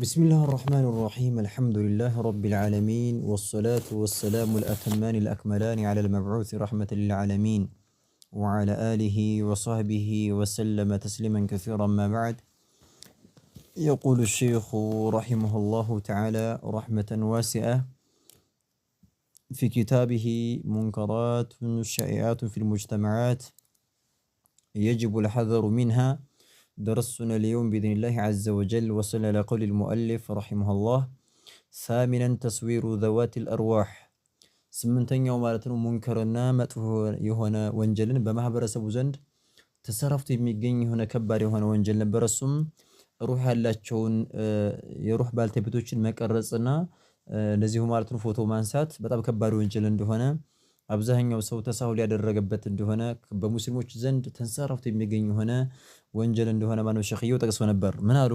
بسم الله الرحمن الرحيم الحمد لله رب العالمين والصلاة والسلام الأتمان الأكملان على المبعوث رحمة للعالمين وعلى آله وصحبه وسلم تسليما كثيرا ما بعد يقول الشيخ رحمه الله تعالى رحمة واسعة في كتابه منكرات شائعات في المجتمعات يجب الحذر منها درسنا اليوم بإذن الله عز وجل وصل إلى قول المؤلف رحمه الله ثامنا تصوير ذوات الأرواح سمنتن يوم مالتن منكرنا متفه يهونا وانجلن بمها برس أبو زند تصرفت ميقين يهونا كبار يهونا وانجلن برسم روح اللاتشون يروح بالتبتوش المكرسنا نزيه مالتن فوتو مانسات بطاب كبار وانجلن دهونا አብዛኛው ሰው ተሳሁል ያደረገበት እንደሆነ በሙስሊሞች ዘንድ ተንሰራፍቶ የሚገኝ የሆነ ወንጀል እንደሆነ ማነው ሸኽየው ጠቅሶ ነበር። ምን አሉ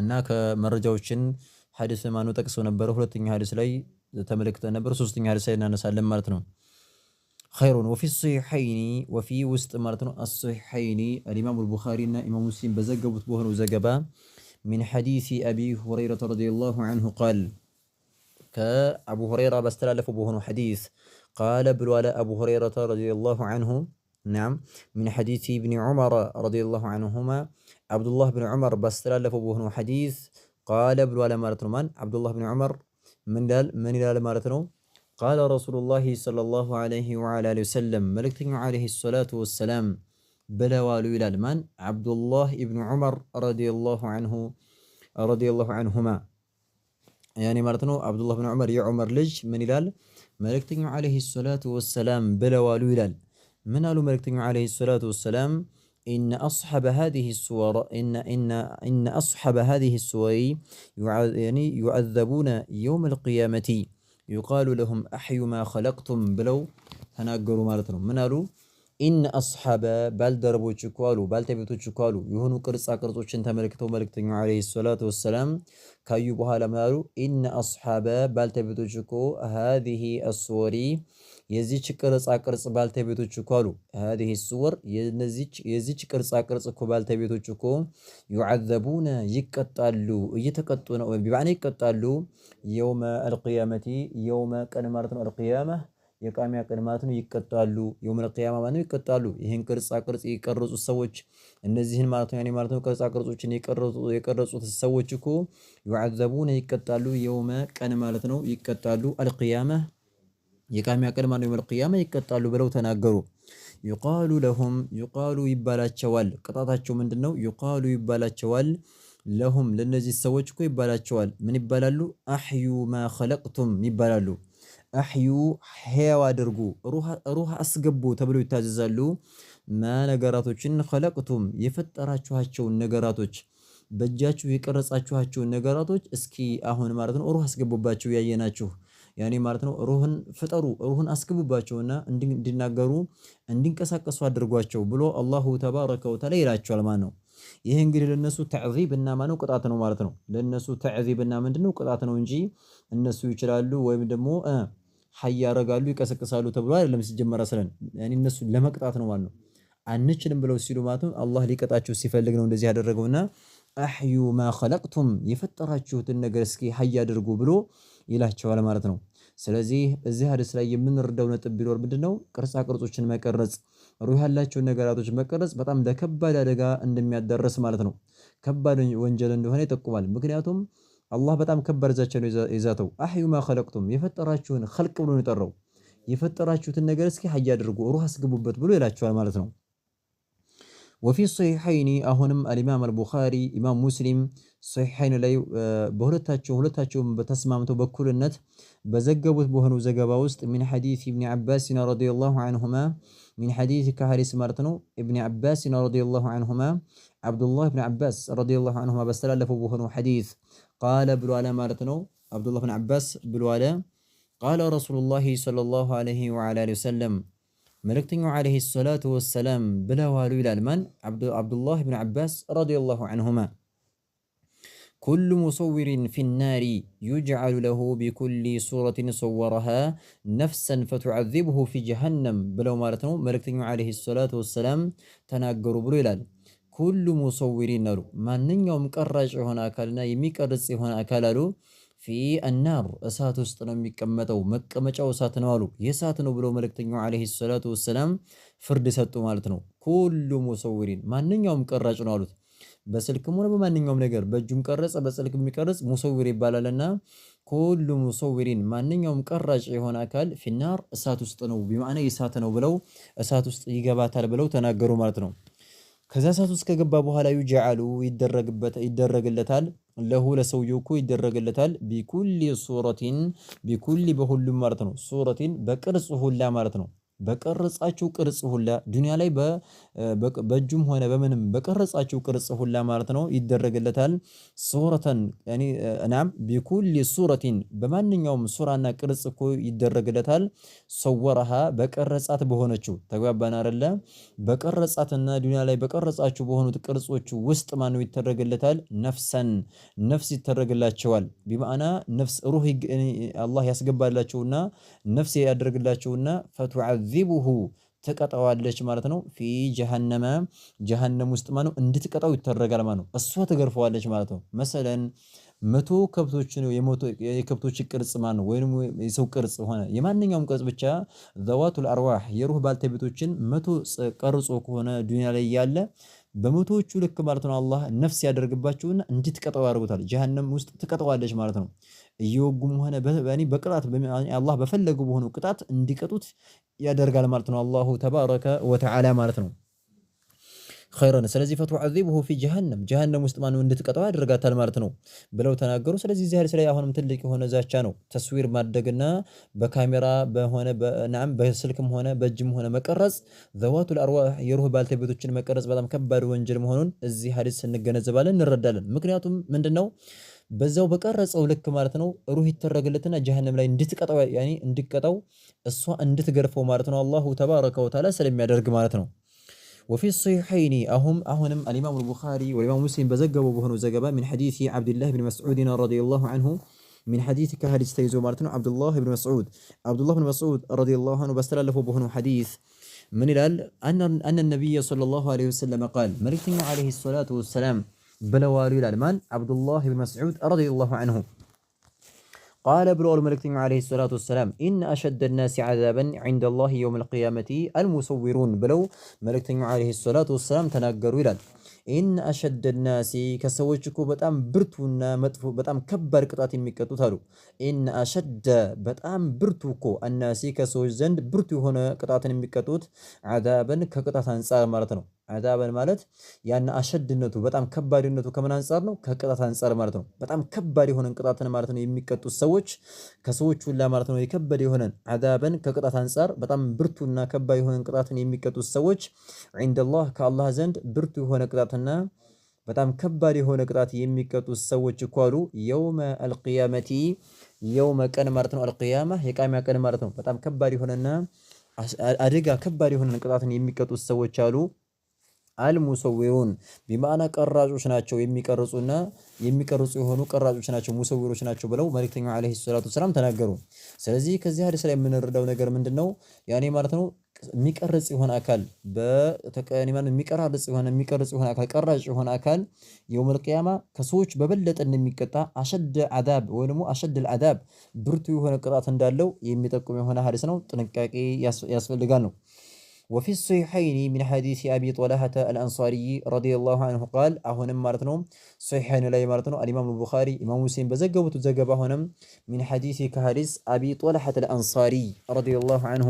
እና ከመረጃዎችን ሐዲስ ማነው ጠቅሶ ነበር። ሁለተኛ ሐዲስ ላይ ተመልክተን ነበር። ሶስተኛ ሐዲስ ላይ እናነሳለን ማለት ነው። ኸይሩን ወፊ ሶሒሐይኒ ወፊ ውስጥ ማለት ነው። አሶሒሐይኒ አልኢማሙ አልቡኻሪ እና ኢማሙ ሙስሊም በዘገቡት በሆነው ዘገባ ሚን ሐዲሲ አቢ ሁረይረተ ረዲየላሁ አንሁ ቃል ከአቡ ሁረይራ ባስተላለፈው በሆነው ሐዲስ قال بل ولا أبو هريرة رضي الله عنه نعم من حديث ابن عمر رضي الله عنهما عبد الله بن عمر بستر لفو بهنو حديث قال بل ولا من عبد الله بن عمر من دل من دال مالت قال رسول الله صلى الله عليه وعلى آله وسلم ملكت عليه الصلاة والسلام بلا والو إلى من عبد الله بن عمر رضي الله عنه رضي الله عنهما يعني مرتنو عبد الله بن عمر يا عمر لج من دال መልእክተኛው عليه الصلاة والسلام ብለዋሉ ይላል። من አሉ መልእክተኛው عليه الصلاة والسلام إن أصحاب هذه السور إن إن إن أصحاب هذه السور يعني يعذبون يوم القيامة يقال لهم أحيوا ما خلقتم بلو تناقروا مالتهم من قالوا ኢን አስሓበ ባልደረቦች እኮ አሉ ባልተቤቶች እኮ አሉ የሆኑ ቅርጻ ቅርጾችን ተመልክተው መልእክተኛው ዓለይሂ ሰላቱ ወሰላም ካዩ በኋላ ምናሉ ኢነ አስሓበ ባልተቤቶች እኮ ሃዚህ አስወሪ የዚች ቅርጻ ቅርጽ ባልተቤቶች እኮ አሉ ሃዚህ ስወር የዚች ቅርጻ ቅርጽ እኮ ባልተቤቶች እኮ ዩዓዘቡነ ይቀጣሉ እየተቀጡ ነው ቢባዕና ይቀጣሉ የውመ አልቅያመቲ የውመ ቀን ማለት ነው አልቅያመህ የቃሚያ ቀን ማለት ነው ይቀጣሉ። የውመል ቂያማ ማለት ነው ይቀጣሉ። ይህን ቅርጻ ቅርጽ የቀረጹት ሰዎች እነዚህን ማለት ነው ያኔ ማለት ነው ቅርጻ ቅርጾችን የቀረጹት ሰዎች እኮ ዩዐዘቡነ ይቀጣሉ። የውመ ቀን ማለት ነው ይቀጣሉ። አልቂያማ የቃሚያ ቀን ማለት ነው የውመል ቂያማ ይቀጣሉ ብለው ተናገሩ። ዩቃሉ ለሁም ዩቃሉ ይባላቸዋል። ቅጣታቸው ምንድነው? ዩቃሉ ይባላቸዋል ለሁም ለነዚህ ሰዎች እኮ ይባላቸዋል። ምን ይባላሉ? አህዩ ማ ኸለቅቱም ይባላሉ። አሕዩ ሕያው አድርጉ ሩህ አስገቡ ተብሎ ይታዘዛሉ። ማ ነገራቶችን ኸለቅቱም የፈጠራችኋቸውን ነገራቶች በእጃችሁ የቀረጻችኋቸውን ነገራቶች እስኪ አሁን ማለት ነው ሩህ አስገቡባቸው ያየናችሁ ያኔ ማለት ነው ሩህን ፍጠሩ ሩህን አስገቡባቸውና እንዲናገሩ እንዲንቀሳቀሱ አድርጓቸው ብሎ አላሁ ተባረከ ወተዓላ ይላቸዋል ማለት ነው። ይህ እንግዲህ ለነሱ ተዕዚብ እና ማነው ቅጣት ነው ማለት ነው። ለነሱ ተዕዚብ እና ምንድነው ቅጣት ነው እንጂ እነሱ ይችላሉ ወይም ደግሞ ሀይ ያረጋሉ ይቀሰቅሳሉ ተብሎ አይደለም ሲጀመር አስለን ያኔ እነሱ ለመቅጣት ነው ማለት ነው። አንችልም ብለው ሲሉ ማለት ነው አላህ ሊቀጣቸው ሲፈልግ ነው እንደዚህ ያደረገውና አሕዩ ማ ኸለቅቱም የፈጠራችሁትን ነገር እስኪ ሀይ አድርጉ ብሎ ይላቸዋል ማለት ነው። ስለዚህ እዚህ ሀዲስ ላይ የምንረዳው ነጥብ ቢኖር ምንድነው ቅርጻ ቅርጾችን መቀረጽ ሩህ ያላቸውን ነገራቶች መቀረጽ በጣም ለከባድ አደጋ እንደሚያደርስ ማለት ነው። ከባድ ወንጀል እንደሆነ ይጠቁማል። ምክንያቱም አላህ በጣም ከባድ ዛቻ ነው የዛተው። አህዩ ማ ኸለቅቱም የፈጠራችሁን ኸልቅ ብሎ ነው የጠራው። የፈጠራችሁትን ነገር እስኪ ሀይ አድርጉ ሩህ አስገቡበት ብሎ ይላቸዋል ማለት ነው። ወፊ ሶሒሐይኒ አሁንም አልኢማም አልቡኻሪ ኢማም ሙስሊም ሶሒሐይን ላይ በሁለታቸው ሁለታቸውም በተስማምተው በኩልነት በዘገቡት በሆነው ዘገባ ውስጥ ሚን ሐዲስ ኢብኒ አባስን ረዲየላሁ አንሁማ ሚን ሐዲስ ከሐዲስ ማለት ነው ኢብኒ አባስን ረዲየላሁ አንሁማ አብዱላህ ኢብኒ አባስ ረዲየላሁ አንሁማ በስተላለፈው በሆነው ሐዲስ قال بلوالا مالتنو عبد الله بن عباس بلوالا قال رسول الله صلى الله عليه وعلى اله وسلم ملكتن عليه الصلاة والسلام بلا والو إلى من عبد, عبد الله بن عباس رضي الله عنهما كل مصور في النار يجعل له بكل صورة صورها نفسا فتعذبه في جهنم بلو مالتنو ملكتن عليه الصلاة والسلام تناقر بلو إلى المن. ኩሉ ሙሰውሪን አሉ ማንኛውም ቀራጭ የሆነ አካልና የሚቀርጽ የሆነ አካል አሉ ፊ አናር እሳት ውስጥ ነው የሚቀመጠው፣ መቀመጫው እሳት ነው አሉ። የእሳት ነው ብሎ መልእክተኛው ዓለይሂ ሰላቱ ወሰላም ፍርድ ሰጡ ማለት ነው። ኩሉ ሙሰውሪን ማንኛውም ቀራጭ ነው አሉት። በስልክም ሆነ በማንኛውም ነገር በእጁም ቀረጸ በስልክ የሚቀርጽ ሙሰውር ይባላልና ኩሉ ሙሰውሪን ማንኛውም ቀራጭ የሆነ አካል ፊናር እሳት ውስጥ ነው ቢማዕና የእሳት ነው ብለው እሳት ውስጥ ይገባታል ብለው ተናገሩ ማለት ነው። ከዛ ሰዓት ውስጥ ከገባ በኋላ ዩጀዓሉ ይደረግለታል። ለሁ ለሰውየው እኮ ይደረግለታል። ቢኩሊ ሱረቲን ቢኩሊ በሁሉም ማለት ነው። ሱረቲን በቅርጽ ሁላ ማለት ነው። በቀረጻችሁ ቅርጽ ሁላ ዱንያ ላይ በእጁም ሆነ በምንም በቀረጻችሁ ቅርጽ ሁላ ማለት ነው ይደረግለታል። ሱረተን እና ቢኩሊ ሱረቲን በማንኛውም ሱራና ቅርጽ እኮ ይደረግለታል። ሰወረሃ በቀረጻት በሆነችው ተግባባን አይደለ? በቀረጻትና ዱንያ ላይ በቀረጻችሁ በሆኑት ቅርጾች ውስጥ ማን ነው ይደረግለታል? ነፍሰን ነፍስ ይደረግላቸዋል። ቢማዕና ነፍስ ሩህ አላህ ያስገባላችሁና ነፍስ ያደርግላችሁና ፈቱ ቱዐዚቡሁ ትቀጣዋለች ማለት ነው። ፊ ጀሀነመ ጀሀነም ውስጥ ማለት ነው ይተረጋል ማለት ነው። እሷ ትገርፈዋለች ማለት ነው። መሰለን መቶ ከብቶች ነው የከብቶች ቅርጽ ማለት ወይንም የሰው ቅርጽ ሆነ የማንኛውም ቅርጽ ብቻ ዘዋቱል አርዋህ የሩህ ባልተቤቶችን መቶ ቀርጾ ከሆነ ዱንያ ላይ ያለ በመቶዎቹ ልክ ማለት ነው አላህ ነፍስ ያደርግባቸውና እንድትቀጠው ያደርጉታል። ጀሀነም ውስጥ ትቀጠዋለች ማለት ነው። እየወጉም ሆነ በእኔ በቅጣት አላህ በፈለገው በሆነው ቅጣት እንዲቀጡት ያደርጋል ማለት ነው አላሁ ተባረከ ወተዓላ ማለት ነው። ኸይረን ስለዚህ ፈቱዐዚብሁ ፊ ጀሀነም ጀሀነም ውስጥ ማነው እንድትቀጣው ያደርጋታል ማለት ነው ብለው ተናገሩ። ስለዚህ እዚህ ሐዲስ ላይ አሁንም ትልቅ የሆነ ዛቻ ነው። ተስዊር ማድረግና በካሜራ በሆነ ናም በስልክም ሆነ በእጅም ሆነ መቀረጽ ዘዋቱል አርዋህ የሩህ ባልተቤቶችን መቀረጽ በጣም ከባድ ወንጀል መሆኑን እዚህ ሀዲስ እንገነዘባለን፣ እንረዳለን። ምክንያቱም ምንድነው በዛው በቀረጸው ልክ ማለት ነው ሩህ ይተረግለትና ጀሀነም ላይ እንድትቀጣው ያኔ እንድትቀጣው እሷ እንድትገርፈው ማለት ነው አላሁ ተባረከ ወተዓላ ስለሚያደርግ ማለት ነው። وفي الصحيحين أهم أهنم الإمام البخاري والإمام مسلم بزقبوا بهن زقبا من حديث عبد الله بن مسعود رضي الله عنه من حديث كهل استيزو مارتن عبد الله بن مسعود عبد الله بن مسعود رضي الله عنه بستلفوا بهنو حديث من الال أن أن النبي صلى الله عليه وسلم قال ملكنا عليه الصلاة والسلام بلوالي الألمان عبد الله بن مسعود رضي الله عنه ቃለ ብለዋል መልእክተኛው ዓለይሂ ሰላቱ ወሰላም ኢነ አሸደ ናሲ ዓዛበን ዐንደ ላሂ የውመል ቂያመቲ አልሙሰዊሩን ብለው መልእክተኛው ዓለይሂ ሰላቱ ወሰላም ተናገሩ ይላል። ኢነ አሸደ ናሲ ከሰዎች እኮ በጣም ብርቱና መጥፎ በጣም ከባድ ቅጣት የሚቀጡት አሉ። ኢነ አሸደ በጣም ብርቱ እኮ አናሲ ከሰዎች ዘንድ ብርቱ የሆነ ቅጣትን የሚቀጡት ዓዛበን ከቅጣት አንጻር ማለት ነው አዛበን ማለት ያን አሸድነቱ በጣም ከባድነቱ ከምን አንጻር ነው? ከቅጣት አንጻር ማለት ነው። በጣም ከባድ የሆነን ቅጣትን ማለት ነው የሚቀጡት ሰዎች ከሰዎች ሁላ ማለት ነው የከበደ የሆነን አዛበን ከቅጣት አንጻር በጣም ብርቱና ከባድ የሆነን ቅጣትን የሚቀጡት ሰዎች ዒንደላህ ከአላህ ዘንድ ብርቱ የሆነ ቅጣትና በጣም ከባድ የሆነ ቅጣት የሚቀጡት ሰዎች እኮ አሉ የውመ አልቅያመቲ የውመ ቀን ማለት ነው አልቅያማ የቃሚያ ቀን ማለት ነው። በጣም ከባድ የሆነና አደጋ ከባድ የሆነን ቅጣትን የሚቀጡት ሰዎች አሉ። አልሙሰዊሩን ቢማዕና ቀራጮች ናቸው የሚቀርጹና የሚቀርጹ የሆኑ ቀራጮች ናቸው ሙሰዊሮች ናቸው ብለው መልእክተኛው ዓለይሂ ሰላቱ ወሰላም ተናገሩ። ስለዚህ ከዚህ ሀዲስ ላይ የምንረዳው ነገር ምንድን ነው? ያኔ ማለት ነው የሚቀርጽ የሆነ አካል በተቀኒማን የሚቀራርጽ የሆነ የሚቀርጽ የሆነ አካል ቀራጭ የሆነ አካል የውመል ቂያማ ከሰዎች በበለጠ እንደሚቀጣ አሸድ አዛብ ወይ ደግሞ አሸድ አዳብ ብርቱ የሆነ ቅጣት እንዳለው የሚጠቁም የሆነ ሀዲስ ነው። ጥንቃቄ ያስፈልጋል ነው وفي الصحيحين من حديث أبي طلحة الأنصاري رضي الله عنه قال أهنا مرتنا صحيحين لا مرتنا الإمام البخاري إمام مسلم بزجب تزجب هنا من حديث كهارس أبي طلحة الأنصاري رضي الله عنه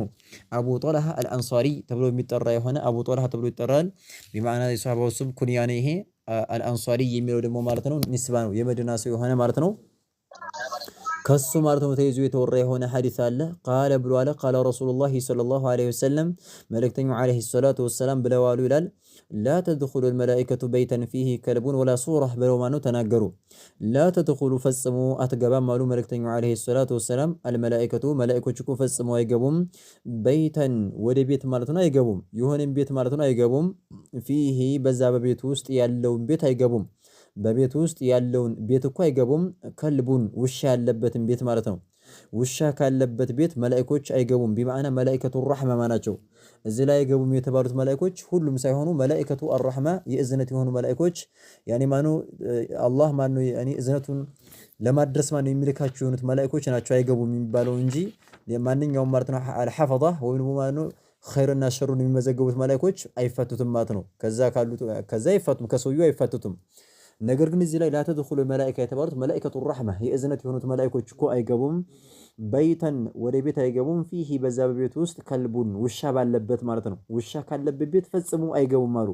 أبو طلحة الأنصاري تبلو مترى هنا أبو طلحة تبلو متران بمعنى صحابة السب كنيانه آه، الأنصاري يميلو دمو مرتنا نسبانو يمدنا سيوهنا مرتنا ከሱ ማለት ነው ተይዞ የተወራ የሆነ ሐዲስ አለ። ቃለ ብሎ አለ ቃለ ረሱሉላሂ ሰለላሁ ዐለይሂ ወሰለም መልእክተኛው ዐለይሂ ሰላቱ ወሰላም ብለዋሉ ይላል። ላ ተድኹሉ አልመላኢከቱ በይተን ፊሂ ከልቡን ወላ ሱራህ ብለው ማነው ተናገሩ። ላ ተድኹሉ ፈጽሞ አትገባም አሉ መልእክተኛው ዐለይሂ ሰላቱ ወሰላም። አልመላኢከቱ መላኢኮች እኮ ፈጽሞ አይገቡም፣ በይተን ወደ ቤት ማለት ነው አይገቡም፣ የሆነም ቤት ማለት ነው አይገቡም፣ ፊሂ በዛ በቤት ውስጥ ያለውን ቤት አይገቡም በቤት ውስጥ ያለውን ቤት እኮ አይገቡም። ከልቡን ውሻ ያለበትን ቤት ማለት ነው። ውሻ ካለበት ቤት መላእኮች አይገቡም። ቢማዕና መላኢከቱ ረሕማ ናቸው። እዚህ ላይ አይገቡም የተባሉት መላኢኮች ሁሉም ሳይሆኑ መላእከቱ አራህማ የእዝነት የሆኑ መላኢኮች ያኔ ማኑ አላህ ማኑ ያኔ እዝነቱን ለማድረስ ማነው የሚልካቸው የሆኑት መላኢኮች ናቸው አይገቡም የሚባለው እንጂ ማንኛውም ማለት ነው አልሐፈዛ ወይም ደግሞ ኸይርና ሸሩን የሚመዘገቡት መላኢኮች አይፈቱትም ማለት ነው። ከዛ ካሉት ከዛ አይፈቱም፣ ከሰውዬው አይፈቱትም። ነገር ግን እዚህ ላይ ላተድኹሉ መላኢካ የተባሉት መላኢከቱ ራሕማ የእዝነት የሆኑት መላኢኮች እኮ አይገቡም። በይተን ወደ ቤት አይገቡም። ፊሂ በዛ በቤት ውስጥ ከልቡን ውሻ ባለበት ማለት ነው። ውሻ ካለበት ቤት ፈጽሞ አይገቡም አሉ።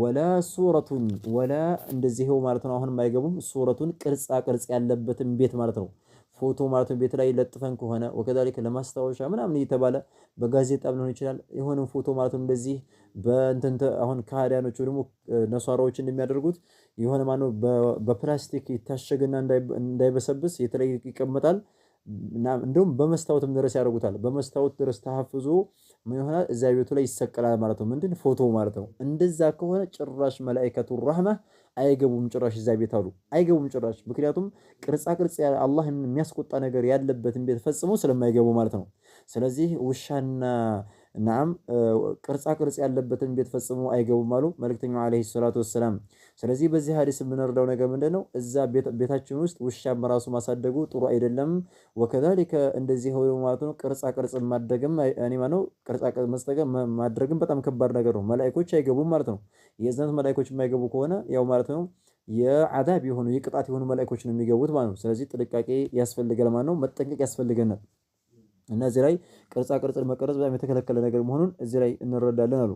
ወላ ሱረቱን ወላ እንደዚህው ማለት ነው። አሁንም አይገቡም። ሱረቱን ቅርጻ ቅርጽ ያለበትን ቤት ማለት ነው። ፎቶ ማለት ነው ቤት ላይ ለጥፈን ከሆነ ወከዛሊከ ለማስታወሻ ምናምን እየተባለ በጋዜጣ ሊሆን ይችላል። የሆነ ፎቶ ማለት ነው እንደዚህ በእንትን አሁን ከሃዲያኖቹ ደግሞ ነሷራዎች እንደሚያደርጉት የሆነ ማነው በፕላስቲክ ይታሸግና እንዳይበሰብስ የተለይ ይቀመጣል። እንደውም በመስታወትም ድረስ ያደርጉታል። በመስታወት ድረስ ተሐፍዞ ምን ይሆናል እዚያ ቤቱ ላይ ይሰቀላል ማለት ነው። ምንድን ፎቶ ማለት ነው። እንደዛ ከሆነ ጭራሽ መላኢከቱ ራህማ አይገቡም ጭራሽ እዛ ቤት አሉ። አይገቡም ጭራሽ ምክንያቱም ቅርጻ ቅርጽ አላህን የሚያስቆጣ ነገር ያለበትን ቤት ፈጽሞ ስለማይገቡ ማለት ነው። ስለዚህ ውሻና እናም ቅርጻ ቅርጽ ያለበትን ቤት ፈጽሞ አይገቡም አሉ መልእክተኛው ዓለይሂ ሰላቱ ወሰላም። ስለዚህ በዚህ ሀዲስ የምንረዳው ነገር ምንድነው? እዛ ቤታችን ውስጥ ውሻም ራሱ ማሳደጉ ጥሩ አይደለም። ወከዛሊከ እንደዚህ ሆኖ ማለት ነው ቅርጻ ቅርጽ ማድረግም እኔ ማነው ቅርጻ ቅርጽ መስጠገም ማድረግም በጣም ከባድ ነገር ነው። መላእክቶች አይገቡም ማለት ነው። የእዝነት መላእክቶች የማይገቡ ከሆነ ያው ማለት ነው የአዳብ የሆኑ የቅጣት የሆኑ መላእክቶች ነው የሚገቡት ማለት ነው። ስለዚህ ጥንቃቄ ያስፈልጋል ማለት ነው። መጠንቀቅ ያስፈልገናል። እና እዚህ ላይ ቅርጻ ቅርጽን መቀረጽ በጣም የተከለከለ ነገር መሆኑን እዚህ ላይ እንረዳለን አሉ።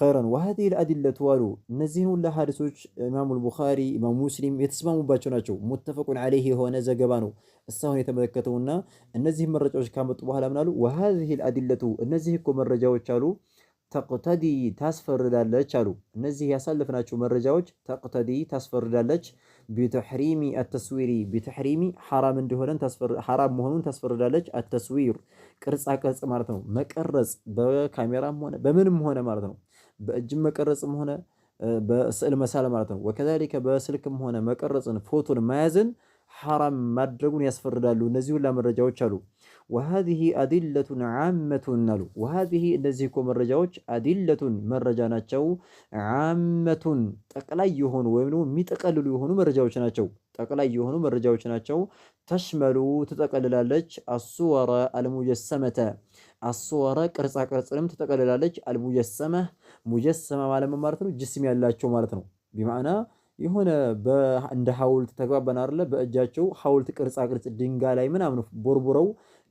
ኸይረን ወሀዲሂል አዲለቱ አሉ እነዚህን ሁላ ሀዲሶች ኢማሙ ቡኻሪ ኢማሙ ሙስሊም የተስማሙባቸው ናቸው። ሙተፈቁን ዐለይህ የሆነ ዘገባ ነው እሳሁን የተመለከተውና እነዚህ መረጃዎች ካመጡ በኋላ ምናሉ ወሀዲሂል አዲለቱ እነዚህ እኮ መረጃዎች አሉ ተቅተዲ ታስፈርዳለች አሉ። እነዚህ ያሳለፍናቸው መረጃዎች ተቅተዲ ታስፈርዳለች ቢተሕሪሚ አተስዊሪ ቢተሕሪሚ ሐራም መሆኑን ታስፈርዳለች። አተስዊር ቅርጻ ቅርጽ ማለት ነው፣ መቀረጽ በካሜራም ሆነ በምንም ሆነ ማለት ነው። በእጅም መቀረጽም ሆነ በስዕል መሳል ማለት ነው። ወከዛሊከ በስልክም ሆነ መቀረጽን ፎቶን መያዝን ሐራም ማድረጉን ያስፈርዳሉ። እነዚህ ሁላ መረጃዎች አሉ። ወሃዚህ አዲለቱን ዓመቱን አሉ። ወሃዚህ እነዚህ እኮ መረጃዎች አዲለቱን መረጃ ናቸው። ዓመቱን ጠቅላይ የሆኑ ወይም ደግሞ የሚጠቀልሉ የሆኑ መረጃዎች ናቸው። ጠቅላይ የሆኑ መረጃዎች ናቸው። ተሽመሉ ትጠቀልላለች። አሱወረ አልሙጀሰመተ አሱወረ ቅርጻ ቅርጽንም ትጠቀልላለች። አልሙጀሰመ ሙጀሰመ ማለት ማለት ነው ጅስም ያላቸው ማለት ነው ቢማዕና የሆነ እንደ ሐውልት ተግባባን አይደለ? በእጃቸው ሐውልት ቅርጻ ቅርጽ ድንጋይ ላይ ምናምን ቦርቡረው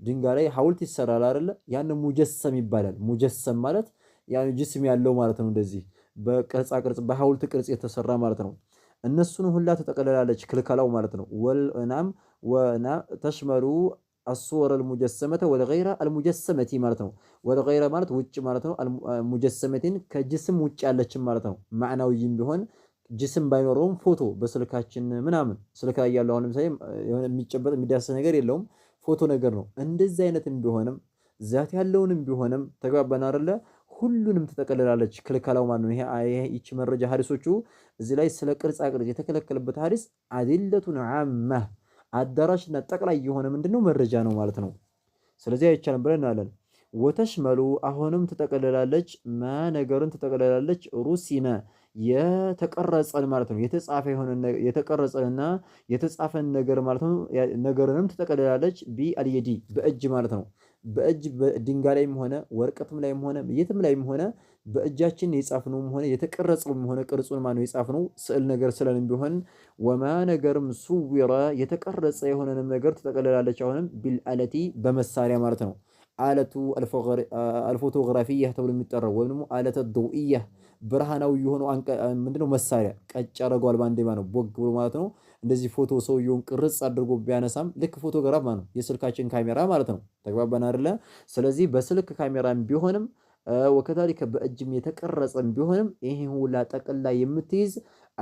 ድንጋይ ላይ ሐውልት ይሰራል አይደለ? ያን ሙጀሰም ይባላል። ሙጀሰም ማለት ያን ጅስም ያለው ማለት ነው። እንደዚህ በቅርጻ ቅርጽ በሐውልት ቅርጽ የተሰራ ማለት ነው። እነሱን ሁላ ተጠቀለላለች ክልከላው ማለት ነው። ወልናም ወና ተሽመሉ አስወር አልሙጀሰመተ ወልገይረ አልሙጀሰመቲ ማለት ነው። ወልገይረ ማለት ውጭ ማለት ነው። ሙጀሰመቲን ከጅስም ውጭ ያለችን ማለት ነው። ማዕናዊም ቢሆን ጅስም ባይኖረውም ፎቶ በስልካችን ምናምን ስልክ ላይ ያለው አሁን ለምሳሌ የሆነ የሚጨበጥ የሚዳሰስ ነገር የለውም ፎቶ ነገር ነው። እንደዚህ አይነትም ቢሆንም ዛት ያለውንም ቢሆንም ተግባባን አይደለ? ሁሉንም ትጠቀልላለች ክልከላው ማለት ነው። ይሄ ይቺ መረጃ ሀዲሶቹ እዚህ ላይ ስለ ቅርጻ ቅርጽ የተከለከለበት ሀዲስ አዲለቱን አማ አዳራሽና ጠቅላይ የሆነ ምንድነው መረጃ ነው ማለት ነው። ስለዚህ አይቻልም ብለን አለን። ወተሽመሉ አሁንም ትጠቀልላለች ማ ነገርን ትጠቀልላለች ሩሲመ የተቀረጸን ማለት ነው። የተጻፈ የሆነ የተቀረጸንና የተጻፈን ነገር ማለት ነው። ነገርንም ትጠቀልላለች ቢ አልየዲ በእጅ ማለት ነው። በእጅ ድንጋይ ላይም ሆነ ወረቀትም ላይም ሆነ የትም ላይም ሆነ በእጃችን የጻፍነውም ሆነ የተቀረጸውም ሆነ ቅርጹን ነው የጻፍነው ስዕል ነገር ስለንም ቢሆን ወማ ነገርም ሱዊራ የተቀረጸ የሆነንም ነገር ትጠቀልላለች። አሁንም ቢልአለቲ በመሳሪያ ማለት ነው። አለቱ አልፎቶግራፊያ ተብሎ የሚጠራው ወይም ደግሞ አለተ ድውእያ ብርሃናዊ የሆነው ምንድነው መሳሪያ ቀጭ ያደርገዋል። ባንዴማ ነው ቦግ ብሎ ማለት ነው። እንደዚህ ፎቶ ሰውየውን ቅርጽ አድርጎ ቢያነሳም ልክ ፎቶግራፍ ማለት ነው፣ የስልካችን ካሜራ ማለት ነው። ተግባባን አይደለ? ስለዚህ በስልክ ካሜራም ቢሆንም ወከዛሊከ በእጅም የተቀረጸም ቢሆንም ይሄ ሁላ ጠቅላ የምትይዝ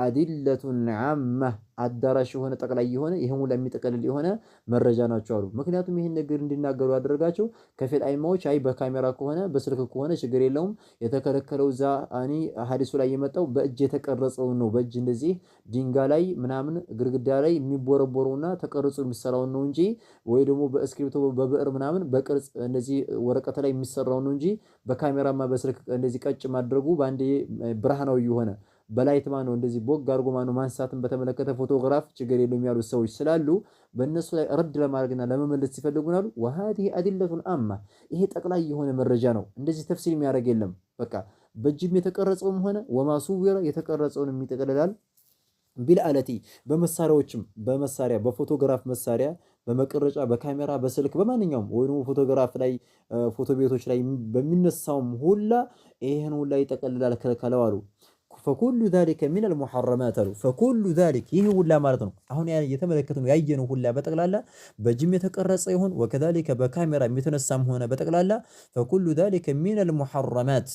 አዲለቱን ዓማ አዳራሽ የሆነ ጠቅላይ የሆነ ይህም ለሚጠቀልል የሆነ መረጃ ናቸው አሉ። ምክንያቱም ይህን ነገር እንዲናገሩ ያደረጋቸው ከፊል አይማዎች አይ በካሜራ ከሆነ በስልክ ከሆነ ችግር የለውም የተከለከለው እዛ እኔ ሀዲሱ ላይ የመጣው በእጅ የተቀረጸውን ነው። በእጅ እንደዚህ ድንጋይ ላይ ምናምን ግድግዳ ላይ የሚቦረቦረውና ተቀርጾ የሚሰራውን ነው እንጂ ወይ ደግሞ በእስክሪብቶ በብዕር ምናምን በቅርጽ እንደዚህ ወረቀት ላይ የሚሰራው ነው እንጂ በካሜራማ በስልክ እንደዚህ ቀጭ ማድረጉ በአንዴ ብርሃናዊ የሆነ በላይት ማ ነው እንደዚህ ቦግ አድርጎ ማ ነው ማንሳትን በተመለከተ ፎቶግራፍ ችግር የለውም ያሉት ሰዎች ስላሉ በእነሱ ላይ ረድ ለማድረግና ለመመለስ ሲፈልጉ ናሉ ወሃዲህ አዲለቱን አማ ይሄ ጠቅላይ የሆነ መረጃ ነው። እንደዚህ ተፍሲል የሚያደርግ የለም። በቃ በእጅም የተቀረጸውም ሆነ ወማሱዊረ የተቀረጸውን የሚጠቅልላል ቢልአለቲ በመሳሪያዎችም በመሳሪያ በፎቶግራፍ መሳሪያ በመቀረጫ በካሜራ በስልክ በማንኛውም ወይ ደግሞ ፎቶግራፍ ላይ ፎቶ ቤቶች ላይ በሚነሳውም ሁላ ይህን ሁላ ይጠቀልላል ከለዋሉ። ፈኩሉ ዛሊከ ሚነል ሙሐረማት አሉ። ፈኩሉ ዛሊክ ይህ ሁላ ማለት ነው። አሁን ያ ያየነው ሁላ በጠቅላላ በጅም የተቀረጸ ይሁን ወከዛሊከ በካሜራ የተነሳም ሆነ በጠቅላላ ፈኩሉ ዛሊከ ሚነል ሙሐረማት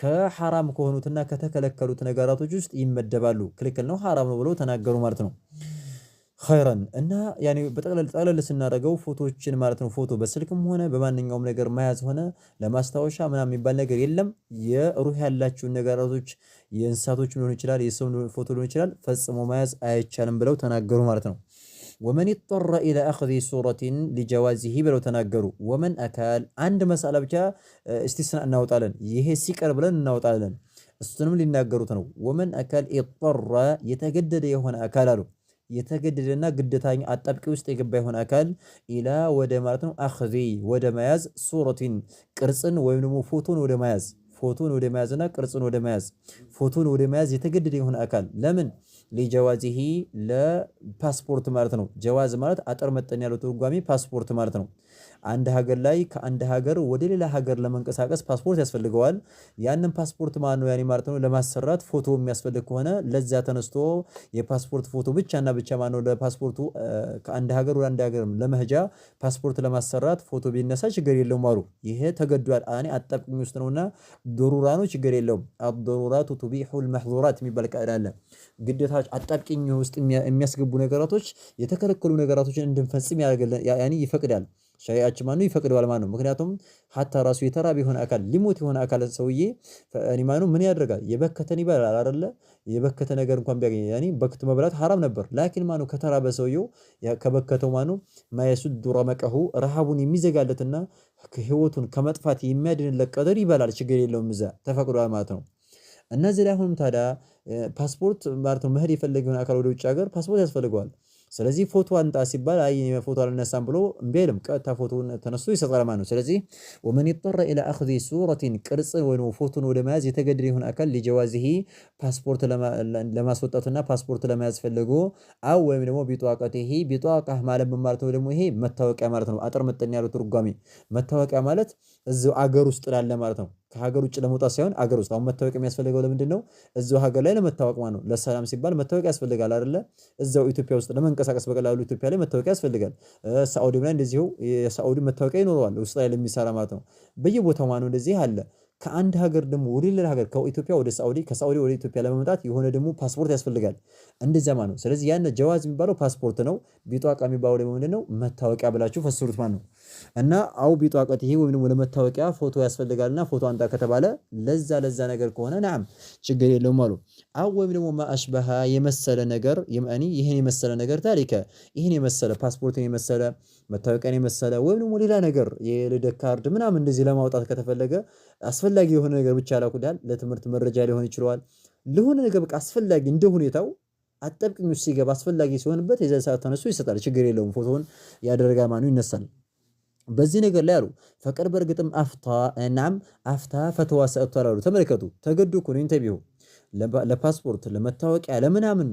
ከሐራም ከሆኑትና ከተከለከሉት ነገራቶች ውስጥ ይመደባሉ። ክልክል ነው፣ ሐራም ነው ብለው ተናገሩ ማለት ነው። ኸይረን እና ጠቅለል ስናደርገው ፎቶዎችን ማለት ነው። ፎቶ በስልክም ሆነ በማንኛውም ነገር መያዝ ሆነ ለማስታወሻ ምናምን የሚባል ነገር የለም። የሩህ ያላቸውን ነገራቶች የእንስሳቶች ሊሆን ይችላል፣ የሰው ፎቶ ሊሆን ይችላል፣ ፈጽሞ መያዝ አይቻልም ብለው ተናገሩ ማለት ነው። ወመን ይጠራ ኢላ አኽዚ ሱረቲን ሊጀዋዚሂ ብለው ተናገሩ። ወመን አካል አንድ መሳላ ብቻ እስቲስና እናወጣለን፣ ይሄ ሲቀር ብለን እናወጣለን። እሱንም ሊናገሩት ነው። ወመን አካል ይጠራ የተገደደ የሆነ አካል አሉ የተገደደና ግደታኝ አጣብቂ ውስጥ የገባ የሆነ አካል ኢላ ወደ ማለት ነው አኽዚ ወደ መያዝ ሱረቲን ቅርጽን ወይም ደግሞ ፎቶን ወደ መያዝ ፎቶን ወደ መያዝና ቅርጽን ወደ መያዝ ፎቶን ወደ መያዝ የተገደደ የሆነ አካል ለምን ሊጀዋዚሂ ለፓስፖርት ማለት ነው። ጀዋዝ ማለት አጠር መጠን ያለው ትርጓሜ ፓስፖርት ማለት ነው። አንድ ሀገር ላይ ከአንድ ሀገር ወደ ሌላ ሀገር ለመንቀሳቀስ ፓስፖርት ያስፈልገዋል። ያንን ፓስፖርት ማን ነው ያኔ ማለት ነው ለማሰራት ፎቶ የሚያስፈልግ ከሆነ ለዛ ተነስቶ የፓስፖርት ፎቶ ብቻና ብቻ ማን ነው ለፓስፖርቱ ከአንድ ሀገር ወደ አንድ ሀገር ለመሄጃ ፓስፖርት ለማሰራት ፎቶ ቢነሳ ችግር የለውም አሉ። ይሄ ተገዷል እኔ አጣብቂኝ ውስጥ ነውና ዶሩራ ነው ችግር የለውም። አዶሩራቱ ቱቢሑል መሕዙራት የሚባል ቃል አለ። ግዴታዎች አጣብቂኝ ውስጥ የሚያስገቡ ነገራቶች የተከለከሉ ነገራቶችን እንድንፈጽም ያኔ ይፈቅዳል። ሸሪዓችን ማኑ ይፈቅደዋል ማለት ነው። ምክንያቱም ሀታ ራሱ የተራ የሆነ አካል ሊሞት የሆነ አካል ሰውዬ እኔ ማኑ ምን ያደርጋል? የበከተን ይበላል አይደለ? የበከተ ነገር እንኳን ቢያገኝ ያኔ በክት መብላት ሐራም ነበር። ላኪን ማኑ ከተራበ ሰውየው ከበከተው ማኑ ማየሱዱ ረመቀሁ ረሃቡን የሚዘጋለትና ህይወቱን ከመጥፋት የሚያድንለት ቀደር ይበላል። ችግር የለውም እዛ ተፈቅዷል ማለት ነው። እነዚህ ላይ አሁንም ታዲያ ፓስፖርት ማለት ነው መሄድ የፈለገውን አካል ወደ ውጭ ሀገር ፓስፖርት ያስፈልገዋል። ስለዚህ ፎቶ አንጣ ሲባል አይ ፎቶ አልነሳም ብሎ እምቢ አይልም። ቀጥታ ፎቶውን ተነስቶ ይሰጣል ማለት ነው። ስለዚህ ወመን ይጠረ ኢላ አኽዚ ሱረቲን ቅርጽን ወይ ፎቶን ወደ መያዝ የተገደደ ይሆን አካል ሊጀዋዚሂ ፓስፖርት ለማስወጣቱና ፓስፖርት ለመያዝ ፈልጎ አው ወይም ደግሞ ቢጧቀቲሂ ቢጧቃ ማለት ማለት ነው ደግሞ ይሄ መታወቂያ ማለት ነው። አጠር መጠን ያለው ትርጓሜ መታወቂያ ማለት እዚው አገር ውስጥ ላለ ማለት ነው። ከሀገር ውጭ ለመውጣት ሳይሆን አገር ውስጥ አሁን መታወቅ የሚያስፈልገው ለምንድን ነው? እዛው ሀገር ላይ ለመታወቅ ማለት ነው። ለሰላም ሲባል መታወቅ ያስፈልጋል አይደለ? እዛው ኢትዮጵያ ውስጥ ለመንቀሳቀስ በቀላሉ ኢትዮጵያ ላይ መታወቅ ያስፈልጋል። ሳኡዲም ላይ እንደዚሁ የሳኡዲ መታወቂያ ይኖረዋል ውስጥ ላይ ለሚሰራ ማለት ነው። በየቦታው ማለት ነው እንደዚህ አለ ከአንድ ሀገር ደግሞ ወደ ሌላ ሀገር ከኢትዮጵያ ወደ ሳዑዲ ከሳዑዲ ወደ ኢትዮጵያ ለመምጣት የሆነ ደግሞ ፓስፖርት ያስፈልጋል። እንደዚያ ማለት ነው። ስለዚህ ያን ጀዋዝ የሚባለው ፓስፖርት ነው። ቢጧቃ የሚባለው ደግሞ ምንድን ነው? መታወቂያ ብላችሁ ፈስሩት ማለት ነው። እና አው ቢጧቀት ይሄ ወይም ለመታወቂያ ፎቶ ያስፈልጋልና ፎቶ አንጣ ከተባለ ለዛ ለዛ ነገር ከሆነ ናም ችግር የለውም አሉ። አው ወይም ደግሞ ማአሽበሃ የመሰለ ነገር የማኒ ይሄን የመሰለ ነገር ታሪከ ይሄን የመሰለ ፓስፖርትን የመሰለ መታወቂያን የመሰለ ወይም ደግሞ ሌላ ነገር የልደት ካርድ ምናምን እንደዚህ ለማውጣት ከተፈለገ አስፈላጊ የሆነ ነገር ብቻ ላኩዳል። ለትምህርት መረጃ ሊሆን ይችለዋል። ለሆነ ነገር በቃ አስፈላጊ እንደ ሁኔታው አጠብቅኝ ውስጥ ሲገባ አስፈላጊ ሲሆንበት የዛ ሰዓት ተነሱ ይሰጣል። ችግር የለውም። ፎቶውን ያደረጋ ማኑ ይነሳል። በዚህ ነገር ላይ አሉ ፈቀድ በእርግጥም አፍታ ናም አፍታ ፈተዋ ሰጥቷል አሉ። ተመልከቱ ተገዱ እኮ ነው ኢንተርቪው ለፓስፖርት ለመታወቂያ ለምናምን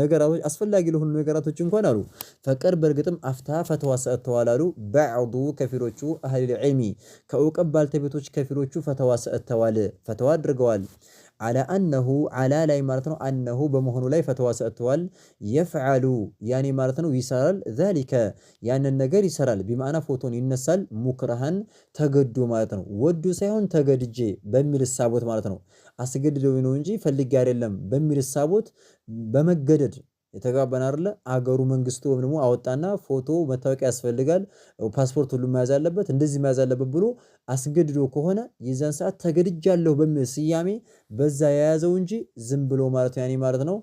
ነገራቶች አስፈላጊ ለሆኑ ነገራቶች እንኳን አሉ ፈቅድ በእርግጥም አፍታ ፈተዋ ሰጥተዋል አሉ በዕዱ ከፊሎቹ አህሊል ዒልሚ ከእውቀት ባልተቤቶች ከፊሎቹ ፈተዋ ሰጥተዋል፣ ፈተዋ አድርገዋል። አላ አነሁ አላ ላይ ማለት ነው አነሁ በመሆኑ ላይ ፈተዋ ሰጥተዋል። የፍዓሉ ያኔ ማለት ነው ይሰራል፣ ዛሊከ ያንን ነገር ይሰራል። ቢማዕና ፎቶን ይነሳል፣ ሙክረሃን ተገዶ ማለት ነው ወዱ ሳይሆን ተገድጄ በሚል እሳቦት ማለት ነው አስገድደው ነው እንጂ ፈልጌ አይደለም በሚል ሳቦት በመገደድ የተጋባን አይደለ አገሩ መንግስቱ ወይም ደግሞ አወጣና ፎቶ መታወቂያ ያስፈልጋል፣ ፓስፖርት ሁሉ መያዝ አለበት፣ እንደዚህ መያዝ አለበት ብሎ አስገድዶ ከሆነ የዛን ሰዓት ተገድጃለሁ በሚል ስያሜ በዛ የያዘው እንጂ ዝም ብሎ ማለት ያኔ ማለት ነው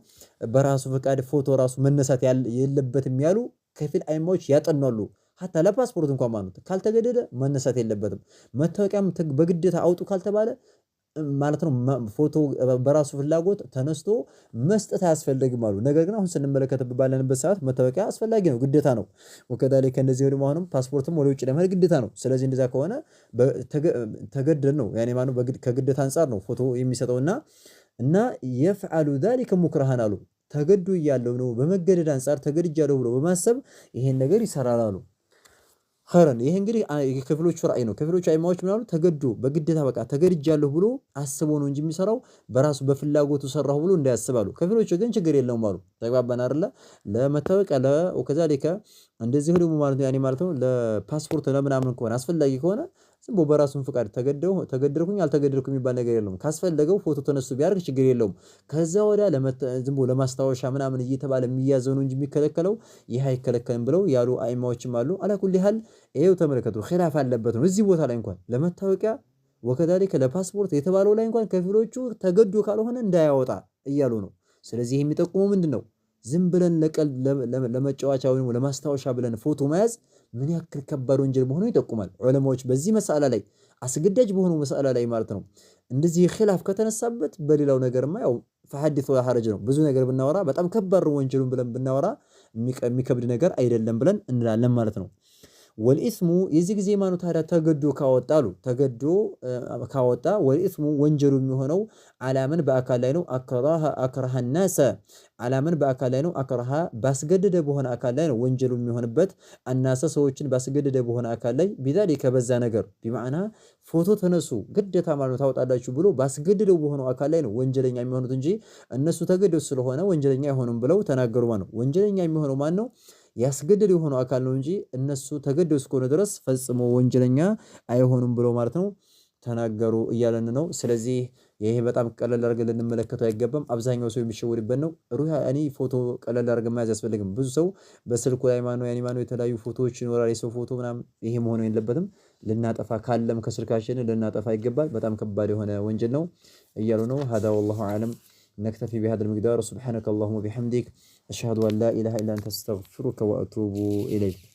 በራሱ ፈቃድ ፎቶ ራሱ መነሳት የለበትም ያሉ ከፊል አይማዎች ያጠናሉ። ሀታ ለፓስፖርት እንኳን ማኑት ካልተገደደ መነሳት የለበትም። መታወቂያም በግዴታ አውጡ ካልተባለ ማለት ነው ፎቶ በራሱ ፍላጎት ተነስቶ መስጠት አያስፈልግም አሉ። ነገር ግን አሁን ስንመለከት ባለንበት ሰዓት መታወቂያ አስፈላጊ ነው፣ ግዴታ ነው። ወከዛሊከ ከእንደዚህ ወደ አሁንም ፓስፖርትም ወደ ውጭ ለመሄድ ግዴታ ነው። ስለዚህ እንደዛ ከሆነ ተገደን ነው ያኔ ማነው ከግዴታ አንጻር ነው ፎቶ የሚሰጠውና እና የፍዓሉ ዛሊከ ሙክረሃን አሉ። ተገዱ እያለው ነው በመገደድ አንጻር ተገድጃለሁ ብሎ በማሰብ ይሄን ነገር ይሰራል አሉ። ኸረን ይሄ እንግዲህ የክፍሎቹ ራእይ ነው። ክፍሎቹ አይማዎች ምናሉ ተገዶ በግዴታ በቃ ተገድጃለሁ ብሎ አስቦ ነው እንጂ የሚሰራው በራሱ በፍላጎቱ ሰራሁ ብሎ እንዳያስባሉ። ክፍሎቹ ግን ችግር የለውም አሉ። ተግባባን አይደለ? ለመታወቂያ ወከዛሊከ እንደዚህ ደግሞ ማለት ነው ያኔ ማለት ነው ለፓስፖርት ለምናምን ከሆነ አስፈላጊ ከሆነ ዝም ብሎ በራሱን ፍቃድ ተገደው ተገደልኩኝ አልተገደልኩም የሚባል ነገር የለውም። ካስፈለገው ፎቶ ተነሱ ቢያደርግ ችግር የለውም። ከዛ ወዲያ ዝም ብሎ ለማስታወሻ ምናምን እየተባለ የሚያዘው ነው እንጂ የሚከለከለው ይህ አይከለከልም ብለው ያሉ አይማዎችም አሉ። አላኩል ያህል ይኸው ተመለከቱ፣ ኺላፍ አለበት ነው እዚህ ቦታ ላይ እንኳን ለመታወቂያ ወከዛሊከ ለፓስፖርት የተባለው ላይ እንኳን ከፊሎቹ ተገዶ ካልሆነ እንዳያወጣ እያሉ ነው። ስለዚህ የሚጠቁመው ምንድን ነው? ዝም ብለን ለቀልድ ለመጫወቻ ወይም ለማስታወሻ ብለን ፎቶ መያዝ ምን ያክል ከባድ ወንጀል መሆኑ ይጠቁማል። ዑለማዎች በዚህ መሳላ ላይ አስገዳጅ በሆኑ መሳላ ላይ ማለት ነው እንደዚህ ኺላፍ ከተነሳበት በሌላው ነገርማ ያው ፈሐዲስ ወላ ሐረጅ ነው። ብዙ ነገር ብናወራ በጣም ከባድ ወንጀሉን ብለን ብናወራ የሚከብድ ነገር አይደለም ብለን እንላለን ማለት ነው። ወልኢስሙ የዚህ ጊዜ ማኑ ታዲያ ተገዶ ካወጣ አሉ ተገዶ ካወጣ ወልኢስሙ ወንጀሉ የሚሆነው አላምን በአካል ላይ ነው። አክረሃ ናሰ አላምን በአካል ላይ ነው። አክረሃ ባስገደደ በሆነ አካል ላይ ነው ወንጀሉ የሚሆንበት። አናሰ ሰዎችን ባስገደደ በሆነ አካል ላይ ቢዛሌ በዛ ነገር ቢማዕና ፎቶ ተነሱ ግዴታ ማለት ነው ታወጣላችሁ ብሎ ባስገደደው በሆነው አካል ላይ ነው ወንጀለኛ የሚሆኑት እንጂ እነሱ ተገደው ስለሆነ ወንጀለኛ አይሆኑም ብለው ተናገሩ። ማነው ወንጀለኛ የሚሆነው ማን ነው? ያስገደድ የሆነው አካል ነው እንጂ እነሱ ተገደው እስከሆነ ድረስ ፈጽሞ ወንጀለኛ አይሆኑም ብሎ ማለት ነው ተናገሩ እያለን ነው። ስለዚህ ይሄ በጣም ቀለል አድርገን ልንመለከተው አይገባም። አብዛኛው ሰው የሚሸወድበት ነው። ሩህ እኔ ፎቶ ቀለል አድርገን መያዝ ያስፈልግም። ብዙ ሰው በስልኩ ላይ ማኖ ያኔ የተለያዩ ፎቶዎች ይኖራል፣ የሰው ፎቶ ምናምን። ይሄ መሆን የለበትም። ልናጠፋ ካለም ከስልካችን ልናጠፋ ይገባል። በጣም ከባድ የሆነ ወንጀል ነው እያሉ ነው። ሀዳ ወላሁ አለም نكتفي بهذا المقدار سبحانك اللهم وبحمدك أشهد أن لا إله إلا أنت أستغفرك وأتوب إليك